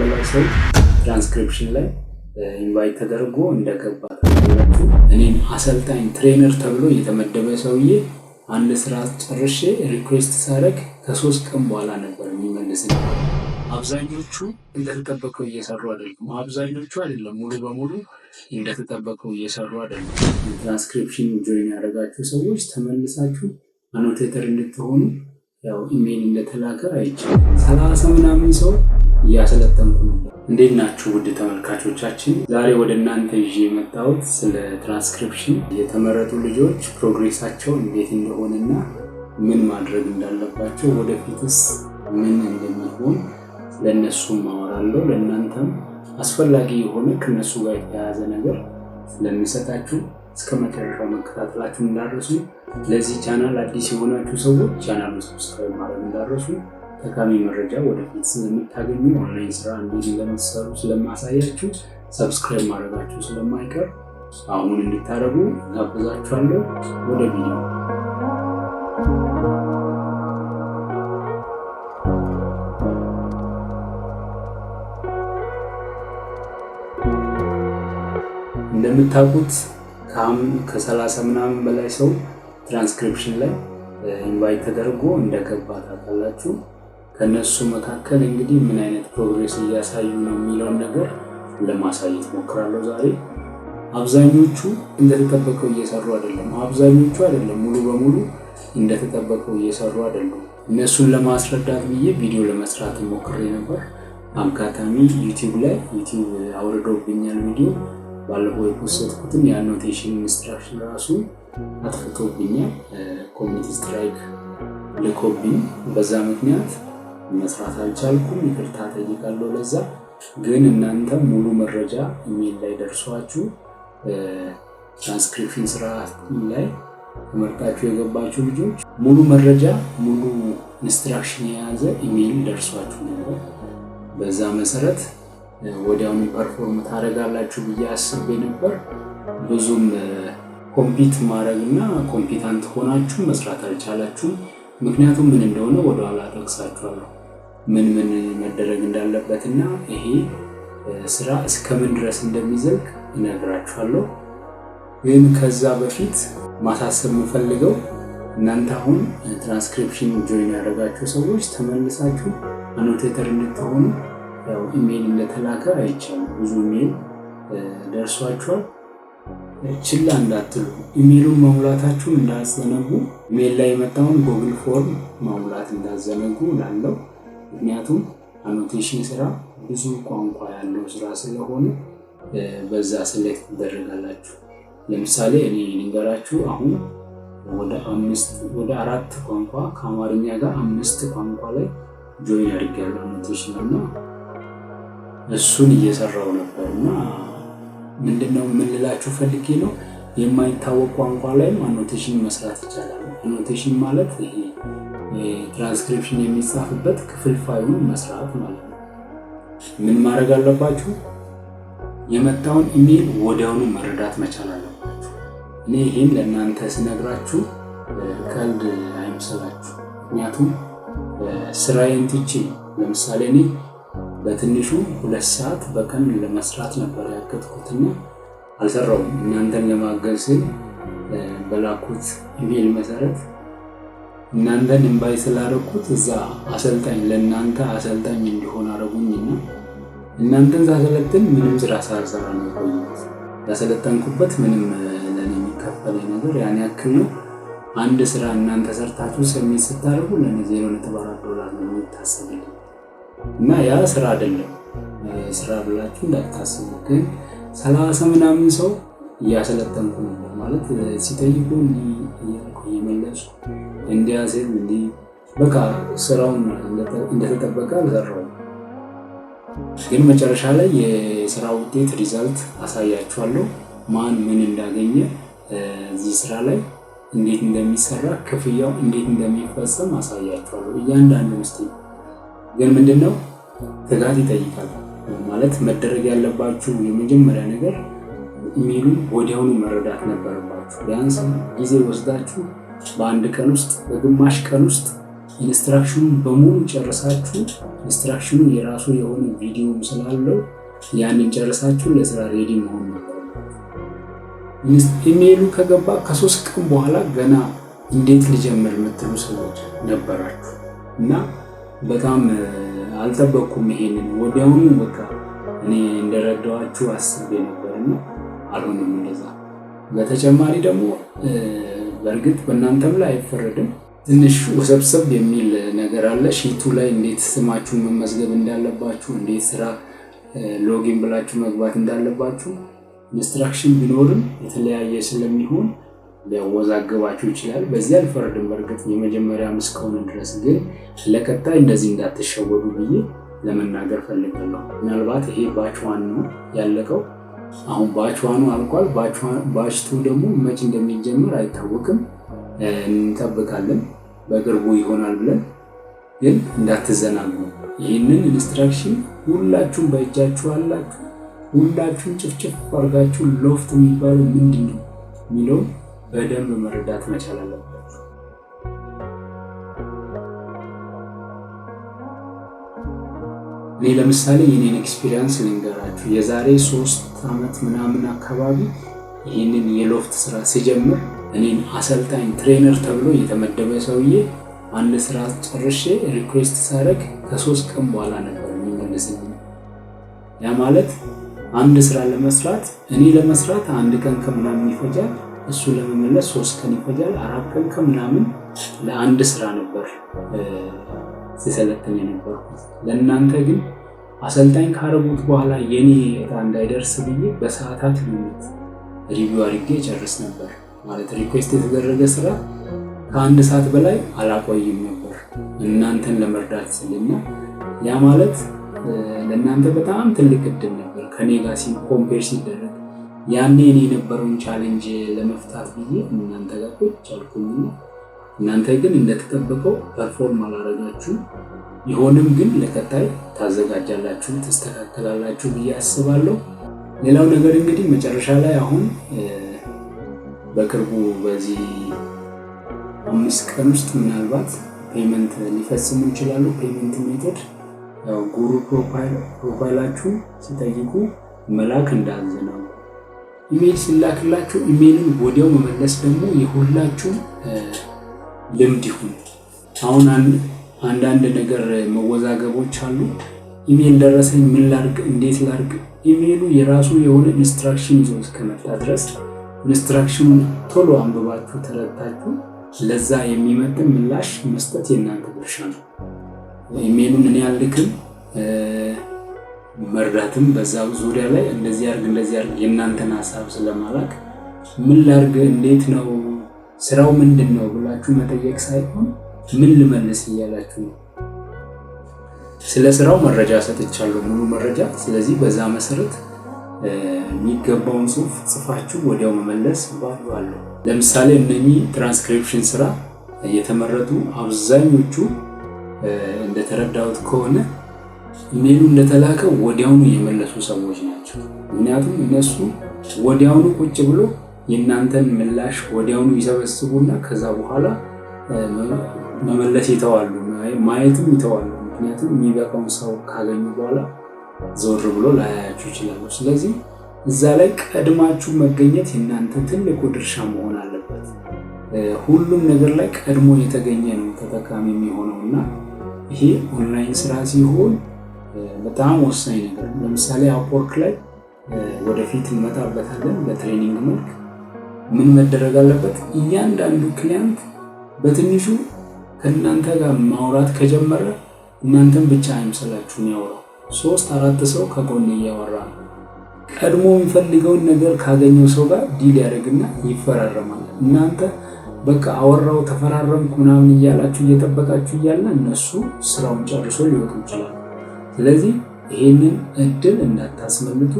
በላይ ሰው ትራንስክሪፕሽን ላይ ኢንቫይት ተደርጎ እንደገባ ታላላችሁ። እኔም አሰልጣኝ ትሬነር ተብሎ የተመደበ ሰውዬ አንድ ስራ ጨርሼ ሪኩዌስት ሳደርግ ከሶስት ቀን በኋላ ነበር የሚመልስ። አብዛኞቹ እንደተጠበቀው እየሰሩ አይደለም። አብዛኞቹ አይደለም፣ ሙሉ በሙሉ እንደተጠበቀው እየሰሩ አይደለም። ትራንስክሪፕሽን ጆይን ያደረጋችሁ ሰዎች ተመልሳችሁ አኖቴተር እንድትሆኑ ያው ኢሜይል እንደተላከ አይችልም ሰላሳ ምናምን ሰው እያሰለጠንኩ ነው። እንዴት ናችሁ ውድ ተመልካቾቻችን? ዛሬ ወደ እናንተ ይዤ የመጣሁት ስለ ትራንስክሪፕሽን የተመረጡ ልጆች ፕሮግሬሳቸው እንዴት እንደሆነና ምን ማድረግ እንዳለባቸው ወደፊትስ ምን እንደሚሆን ለእነሱም ማወራለሁ። ለእናንተም አስፈላጊ የሆነ ከእነሱ ጋር የተያያዘ ነገር ስለሚሰጣችሁ እስከ መጨረሻው መከታተላችሁ እንዳረሱ። ለዚህ ቻናል አዲስ የሆናችሁ ሰዎች ቻናሉን ሰብስክራይብ ማድረግ እንዳረሱ። ጠቃሚ መረጃ ወደፊት ስለምታገኙ ኦንላይን ስራ እንዴት እንደምትሰሩ ስለማሳያችሁ ሰብስክራይብ ማድረጋችሁ ስለማይቀር አሁን እንድታደርጉ ጋብዛችኋለሁ። ወደ ቪዲዮ እንደምታውቁት ከሰላሳ ምናምን በላይ ሰው ትራንስክሪፕሽን ላይ ኢንቫይት ተደርጎ እንደገባ ታውቃላችሁ። ከእነሱ መካከል እንግዲህ ምን አይነት ፕሮግሬስ እያሳዩ ነው የሚለውን ነገር ለማሳየት ሞክራለሁ ዛሬ። አብዛኞቹ እንደተጠበቀው እየሰሩ አይደለም። አብዛኞቹ አይደለም፣ ሙሉ በሙሉ እንደተጠበቀው እየሰሩ አይደሉም። እነሱን ለማስረዳት ብዬ ቪዲዮ ለመስራት ሞክሬ ነበር። አጋጣሚ ዩቲዩብ ላይ ዩቲዩብ አውርዶብኛል ቪዲዮ ባለፈው የፖስትኩትን የአኖቴሽን ኢንስትራክሽን ራሱ አጥፍቶብኛል። ኮሚኒቲ ስትራይክ ልኮብኝ በዛ ምክንያት መስራት አልቻልኩም፣ ይቅርታ ጠይቃለሁ። ለዛ ግን እናንተ ሙሉ መረጃ ኢሜል ላይ ደርሷችሁ ትራንስክሪፕሽን ስራ ላይ ተመርጣችሁ የገባችሁ ልጆች ሙሉ መረጃ ሙሉ ኢንስትራክሽን የያዘ ኢሜይል ደርሷችሁ ነበር። በዛ መሰረት ወዲያውኑ ፐርፎርም ታደርጋላችሁ ብዬ አስቤ ነበር። ብዙም ኮምፒት ማድረግ እና ኮምፒታንት ሆናችሁ መስራት አልቻላችሁም። ምክንያቱም ምን እንደሆነ ወደኋላ ጠቅሳችኋለሁ። ምን ምን መደረግ እንዳለበት እና ይሄ ስራ እስከምን ድረስ እንደሚዘልቅ እነግራችኋለሁ። ግን ከዛ በፊት ማሳሰብ የምፈልገው እናንተ አሁን ትራንስክሪፕሽን ጆይን ያደረጋችሁ ሰዎች ተመልሳችሁ አኖቴተር እንድትሆኑ ያው ኢሜይል እንደተላከ አይቻልም። ብዙ ኢሜይል ደርሷችኋል። ችላ እንዳትሉ። ኢሜይሉን መሙላታችሁን እንዳዘነጉ። ኢሜይል ላይ የመጣውን ጎግል ፎርም መሙላት እንዳዘነጉ ላለው ምክንያቱም አኖቴሽን ስራ ብዙ ቋንቋ ያለው ስራ ስለሆነ በዛ ስሌክት ትደረጋላችሁ። ለምሳሌ እኔ ልንገራችሁ አሁን ወደ አራት ቋንቋ ከአማርኛ ጋር አምስት ቋንቋ ላይ ጆይን አድርጌያለሁ አኖቴሽን እና እሱን እየሰራው ነበር እና ምንድነው የምንላችሁ ፈልጌ ነው የማይታወቅ ቋንቋ ላይ አኖቴሽን መስራት ይቻላል። አኖቴሽን ማለት ይሄ ትራንስክሪፕሽን የሚጻፍበት ክፍል ፋይሉን መስራት ማለት ነው። ምን ማድረግ አለባችሁ? የመጣውን ኢሜይል ወዲያውኑ መረዳት መቻል አለባችሁ። እኔ ይህን ለእናንተ ስነግራችሁ ቀልድ አይምሰላችሁ። ምክንያቱም ስራዬን ትቼ ለምሳሌ እኔ በትንሹ ሁለት ሰዓት በቀን ለመስራት ነበር ያቀጥኩትና አልሰራውም። እናንተን ለማገዝ ስል በላኩት ኢሜል መሰረት እናንተን እንባይ ስላደረኩት እዛ አሰልጣኝ ለእናንተ አሰልጣኝ እንዲሆን አደረጉኝና እናንተን ሳሰለጥን ምንም ስራ ሳልሰራ ነው የቆየሁት። ያሰለጠንኩበት ምንም ለእኔ የሚከፈለኝ ነገር ያን ያክል ነው። አንድ ስራ እናንተ ሰርታችሁ ሰሜት ስታደርጉ ለእኔ ዜሮ ነጥብ አራት ዶላር ነው የሚታሰብልኝ እና ያ ስራ አይደለም። ስራ ብላችሁ እንዳታስቡ ግን ሰላሳ ምናምን ሰው እያሰለጠንኩ ነበር ማለት ሲጠይቁ እንዲህ እያልኩ እየመለሱ እንዲያሴም እንዲ በቃ ስራውን እንደተጠበቀ አልሰራውም። ግን መጨረሻ ላይ የስራ ውጤት ሪዛልት አሳያችኋለሁ። ማን ምን እንዳገኘ እዚህ ስራ ላይ እንዴት እንደሚሰራ ክፍያው እንዴት እንደሚፈጸም አሳያችኋለሁ። እያንዳንዱ ውስጥ ግን ምንድን ነው ትጋት ይጠይቃል። ማለት መደረግ ያለባችሁ የመጀመሪያ ነገር ሚሉ ወዲያውኑ መረዳት ነበረባችሁ። ቢያንስ ጊዜ ወስዳችሁ በአንድ ቀን ውስጥ በግማሽ ቀን ውስጥ ኢንስትራክሽኑን በሙሉ ጨርሳችሁ ኢንስትራክሽኑ የራሱ የሆነ ቪዲዮም ስላለው ያንን ጨርሳችሁ ለስራ ሬዲ መሆን ነበር። ኢሜይሉ ከገባ ከሶስት ቀን በኋላ ገና እንዴት ልጀምር የምትሉ ሰዎች ነበራችሁ እና በጣም አልጠበቅኩም። ይሄንን ወዲያውኑ በቃ እኔ እንደረዳዋችሁ አስቤ ነበርና አልሆነም እንደዛ። በተጨማሪ ደግሞ በእርግጥ በእናንተም ላይ አይፈረድም። ትንሽ ውሰብሰብ የሚል ነገር አለ። ሺቱ ላይ እንዴት ስማችሁ መመዝገብ እንዳለባችሁ፣ እንዴት ስራ ሎጊን ብላችሁ መግባት እንዳለባችሁ ኢንስትራክሽን ቢኖርም የተለያየ ስለሚሆን ሊያወዛግባችሁ ይችላል። በዚህ አልፈረድም። በእርግጥ የመጀመሪያም እስከሆነ ድረስ ግን ለቀጣይ እንደዚህ እንዳትሸወዱ ብዬ ለመናገር ፈልጋለሁ። ምናልባት ይሄ ባችዋን ነው ያለቀው። አሁን ባችዋኑ አልኳል አልቋል። ደግሞ መች እንደሚጀምር አይታወቅም፣ እንጠብቃለን። በቅርቡ ይሆናል ብለን ግን እንዳትዘናሉ። ይህንን ኢንስትራክሽን ሁላችሁም በእጃችሁ አላችሁ። ሁላችሁም ጭፍጭፍ አድርጋችሁ ሎፍት የሚባለው ምንድን ነው የሚለውን በደንብ መረዳት መቻል አለበት። እኔ ለምሳሌ የኔን ኤክስፒሪያንስ ልንገራችሁ። የዛሬ ሶስት ዓመት ምናምን አካባቢ ይህንን የሎፍት ስራ ሲጀምር እኔን አሰልጣኝ ትሬነር ተብሎ የተመደበ ሰውዬ አንድ ስራ ጨርሼ ሪኩዌስት ሳደርግ ከሶስት ቀን በኋላ ነበር የሚመልስልኝ። ያ ማለት አንድ ስራ ለመስራት እኔ ለመስራት አንድ ቀን ከምናምን ይፈጃል፣ እሱ ለመመለስ ሶስት ቀን ይፈጃል። አራት ቀን ከምናምን ለአንድ ስራ ነበር ሲሰለጥን የነበርኩት። ለእናንተ ግን አሰልጣኝ ካረጉት በኋላ የኔ እጣ እንዳይደርስ ብዬ በሰዓታት ልዩነት ሪቪው አድርጌ ጨርስ ነበር። ማለት ሪኩዌስት የተደረገ ስራ ከአንድ ሰዓት በላይ አላቆይም ነበር እናንተን ለመርዳት ስልና ያ ማለት ለእናንተ በጣም ትልቅ እድል ነበር ከኔ ጋር ኮምፔር ሲደረግ ያኔ እኔ የነበረውን ቻሌንጅ ለመፍታት ብዬ እናንተ ጋር ቁጭ አልኩኝና እናንተ ግን እንደተጠበቀው ፐርፎርም አላረጋችሁ ይሆንም ግን ለቀጣይ ታዘጋጃላችሁ፣ ትስተካከላላችሁ ብዬ አስባለሁ። ሌላው ነገር እንግዲህ መጨረሻ ላይ አሁን በቅርቡ በዚህ አምስት ቀን ውስጥ ምናልባት ፔመንት ሊፈጽሙ ይችላሉ። ፔመንት ሜቶድ ጉሩ ፕሮፋይላችሁ ሲጠይቁ መላክ ነው። ኢሜይል ሲላክላችሁ ኢሜይልን ወዲያው መመለስ ደግሞ የሁላችሁ ልምድ ይሁን። አሁን አንዳንድ ነገር መወዛገቦች አሉ። ኢሜል ደረሰኝ፣ ምን ላርግ፣ እንዴት ላርግ። ኢሜሉ የራሱ የሆነ ኢንስትራክሽን ይዞ እስከመጣ ድረስ ኢንስትራክሽኑን ቶሎ አንብባችሁ ተረድታችሁ ለዛ የሚመጥን ምላሽ መስጠት የእናንተ ድርሻ ነው። ኢሜሉን እኔ አልልክም፣ መርዳትም በዛ ዙሪያ ላይ እንደዚህ አርግ እንደዚህ አርግ የእናንተን ሀሳብ ስለማላቅ ምን ላርግ፣ እንዴት ነው ስራው ምንድን ነው ብላችሁ መጠየቅ ሳይሆን ምን ልመልስ እያላችሁ ነው። ስለ ስራው መረጃ ሰጥቻለሁ፣ ሙሉ መረጃ። ስለዚህ በዛ መሰረት የሚገባውን ጽሁፍ ጽፋችሁ ወዲያው መመለስ ባሉ አለ። ለምሳሌ እነኚህ ትራንስክሪፕሽን ስራ የተመረጡ አብዛኞቹ እንደተረዳሁት ከሆነ ኢሜሉ እንደተላከው ወዲያውኑ የመለሱ ሰዎች ናቸው። ምክንያቱም እነሱ ወዲያውኑ ቁጭ ብሎ የእናንተን ምላሽ ወዲያውኑ ይሰበስቡና ከዛ በኋላ መመለስ ይተዋሉ፣ ማየትም ይተዋሉ። ምክንያቱም የሚበቃውን ሰው ካገኙ በኋላ ዘወር ብሎ ላያያችሁ ይችላሉ። ስለዚህ እዛ ላይ ቀድማችሁ መገኘት የእናንተ ትልቁ ድርሻ መሆን አለበት። ሁሉም ነገር ላይ ቀድሞ የተገኘ ነው ተጠቃሚ የሚሆነው እና ይሄ ኦንላይን ስራ ሲሆን በጣም ወሳኝ ነገር። ለምሳሌ አፕወርክ ላይ ወደፊት እንመጣበታለን በትሬኒንግ መልክ ምን መደረግ አለበት? እያንዳንዱ ክሊያንት በትንሹ ከእናንተ ጋር ማውራት ከጀመረ እናንተን ብቻ አይምሰላችሁ የሚያወራው ሶስት አራት ሰው ከጎን እያወራ ነው። ቀድሞ የሚፈልገውን ነገር ካገኘው ሰው ጋር ዲል ያደርግና ይፈራረማል። እናንተ በቃ አወራው ተፈራረምኩ ምናምን እያላችሁ እየጠበቃችሁ እያለ እነሱ ስራውን ጨርሶ ሊወጡ ይችላሉ። ስለዚህ ይህንን እድል እንዳታስመልጡ።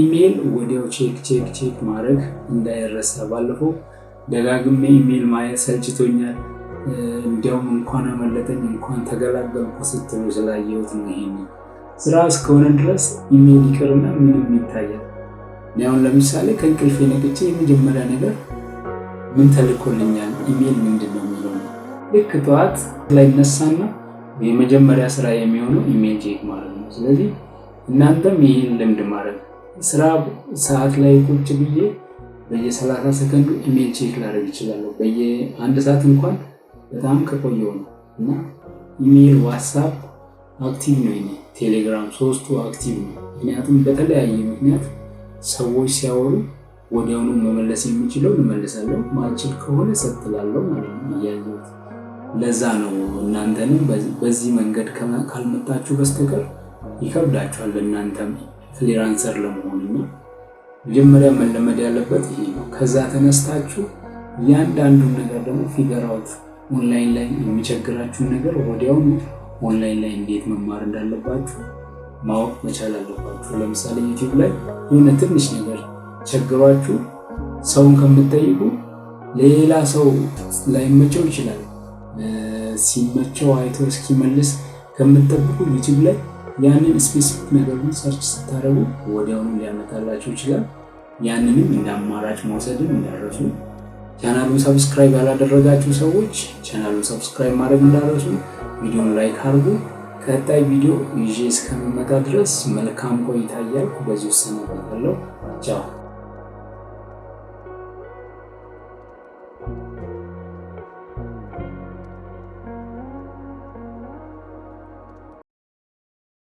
ኢሜይል ወዲያው ቼክ ቼክ ቼክ ማድረግ እንዳይረሳ። ባለፈው ደጋግሜ ኢሜይል ማየት ሰልችቶኛል፣ እንዲያውም እንኳን አመለጠኝ እንኳን ተገላገልኩ ስትሉ ስላየሁት ነው። ይሄ ስራ እስከሆነ ድረስ ኢሜይል ይቅርና ምንም ይታያል። አሁን ለምሳሌ ከእንቅልፌ ነቅቼ የመጀመሪያ ነገር ምን ተልኮልኛል፣ ኢሜይል ምንድን ነው የሚለው ልክ ጠዋት ላይ ነሳና የመጀመሪያ ስራ የሚሆነው ኢሜይል ቼክ ማለት ነው። ስለዚህ እናንተም ይህን ልምድ ማለት ስራ ሰዓት ላይ ቁጭ ብዬ በየሰላሳ ሰከንዱ ኢሜል ቼክ ላደርግ ይችላለሁ። በየአንድ ሰዓት እንኳን በጣም ከቆየው ነው እና ኢሜል፣ ዋትሳፕ አክቲቭ ነው ኔ ቴሌግራም ሶስቱ አክቲቭ ነው። ምክንያቱም በተለያየ ምክንያት ሰዎች ሲያወሩ ወዲያውኑ መመለስ የሚችለው እንመልሳለሁ፣ ማልችል ከሆነ ሰጥላለሁ ማለት ነው እያየሁት። ለዛ ነው እናንተንም በዚህ መንገድ ካልመጣችሁ በስተቀር ይከብዳችኋል እናንተም ፍሪላንሰር ለመሆን ነው። መጀመሪያ መለመድ ያለበት ይሄ ነው። ከዛ ተነስታችሁ እያንዳንዱን ነገር ደግሞ ፊገር አውት ኦንላይን ላይ የሚቸግራችሁን ነገር ወዲያውኑ ኦንላይን ላይ እንዴት መማር እንዳለባችሁ ማወቅ መቻል አለባችሁ። ለምሳሌ ዩቲዩብ ላይ የሆነ ትንሽ ነገር ቸግሯችሁ ሰውን ከምትጠይቁ ሌላ ሰው ላይመቸው ይችላል። ሲመቸው አይቶ እስኪመልስ ከምትጠብቁ ዩቲዩብ ላይ ያንን ስፔሲፊክ ነገሩን ሰርች ስታደረጉ ወዲያውኑ ሊያመጣላቸው ይችላል። ያንንም እንደ አማራጭ መውሰድን እንዳረሱ። ቻናሉን ሰብስክራይብ ያላደረጋችሁ ሰዎች ቻናሉን ሰብስክራይብ ማድረግ እንዳረሱ። ቪዲዮን ላይክ አድርጉ። ቀጣይ ቪዲዮ ይዤ እስከምመጣ ድረስ መልካም ቆይታ እያልኩ በዚህ ውስጥ ሰናበታለሁ። ቻው